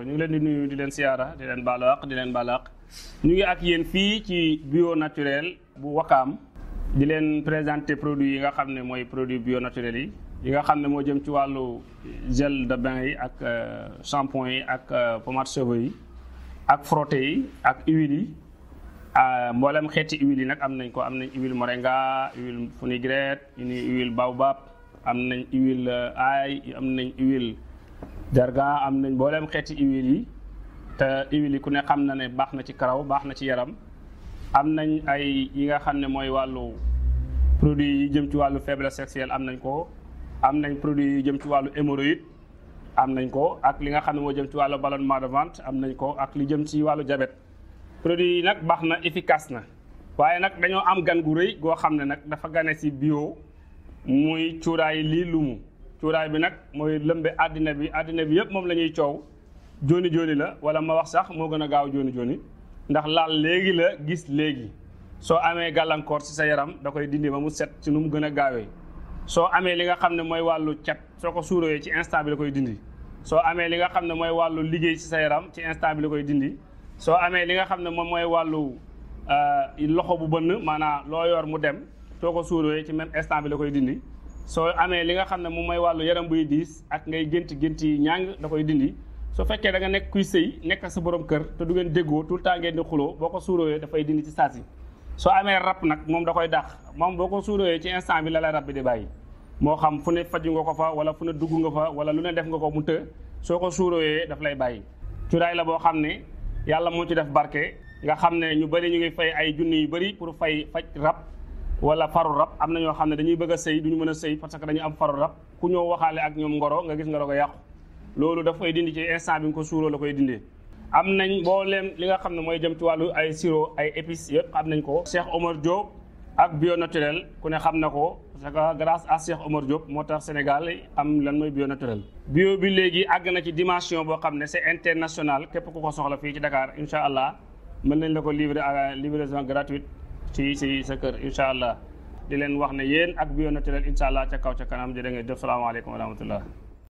ñu ngi leen di nuyu di leen siyaara di leen baal di leen baal ñu ngi ak yéen fii ci bio naturel bu Wakaam di leen présenter produit yi nga xam ne mooy produit bio naturel yi yi nga xam ne moo jëm ci wàllu gel de bain yi ak euh, shampoing yi ak euh, pommade cheveux yi ak frotté yi ak huile yi mboolem xeeti huile yi nag am nañ ko am nañ huile moringa huile fenugrec huile baobab am nañ huile euh, ail am nañ huile jargaa am nañ booleem xeeti huile yi te huile yi ku ne xam na ne baax na ci karaw baax na ci yaram am nañ ay yi nga xam ne mooy wàllu produit yi jëm ci wàllu faiblesse sexuelle am nañ ko am nañ produit yi jëm ci wàllu hémorroïde am nañ ko ak li nga xam ne moo jëm ci wàllu ballonnement de ventre am nañ ko ak li jëm ci wàllu diabète produit yi nag baax na efficace na waaye nag dañoo am gan gu rëy goo xam ne nag dafa gane si bio muy cuuraay lii lu mu cuuraay bi nag mooy lëmbe àddina bi àddina bi yëpp moom la ñuy coow jooni jooni la wala ma wax sax moo gën a gaaw jooni jooni ndax laal léegi la gis léegi soo amee gàllankoor ci sa yaram da koy dindi ba mu set ci nu mu gën a gaawee soo amee li nga xam ne mooy wàllu cat soo ko suurooyee ci instant bi koy dindi soo amee li nga xam ne mooy wàllu liggéey ci sa yaram ci instant bi la koy dindi soo amee li nga xam ne moom mooy wàllu euh, loxo bu bënn maanaa loo yor mu dem soo ko suurooyee ci même instant bi la koy dindi soo amee li nga xam ne moom mooy wàllu yaram buy diis ak ngay gént gént yi ñàng da koy dindi su fekkee da nga nekk kuy sëy nekk sa borom kër te du ngeen déggoo tout le temps ngeen di xuloo boo ko suurooyee dafay dindi ci saasi soo amee rab nag moom da koy dàq moom boo ko suurooyee ci instant bi la la rab bi di bàyyi moo xam fu ne faju nga ko fa wala fu ne dugg nga fa wala lu ne def nga ko mu të soo ko suurooyee daf lay bàyyi cuuraay la boo xam ne yàlla moo ci def barke nga xam ne ñu bëri ñu ngi fay ay junni yu bëri pour fay faj rab wala faru rab am na ñoo xam ne dañuy bëgg a sëy duñu mën a sëy parce que dañu am faru rab ku ñoo waxaale ak ñoom ngoro nga gis ngoro ko yàqu loolu daf koy dindi ci instant bi nga ko suuroo la koy dindee am nañ mbooleem li nga xam ne mooy jëm ci wàllu ay sirop ay épices yëpp am nañ ko Cheikh Omar Diop ak bio naturel ku ne xam na ko parce que grace à Cheikh Omar Diop moo tax Sénégal am lan mooy bionaturel naturel bio bi léegi àgg na ci dimension boo xam ne c'est international képp ku ko soxla fii ci Dakar incha allah mën nañ la ko livrer à livraison gratuite ci si sa kër incha allah di leen wax ne yéen ak bu yónnate leen incha allah ca kaw ca kanam jërë ngeen jëf salaamaaleykum wa rahmatullah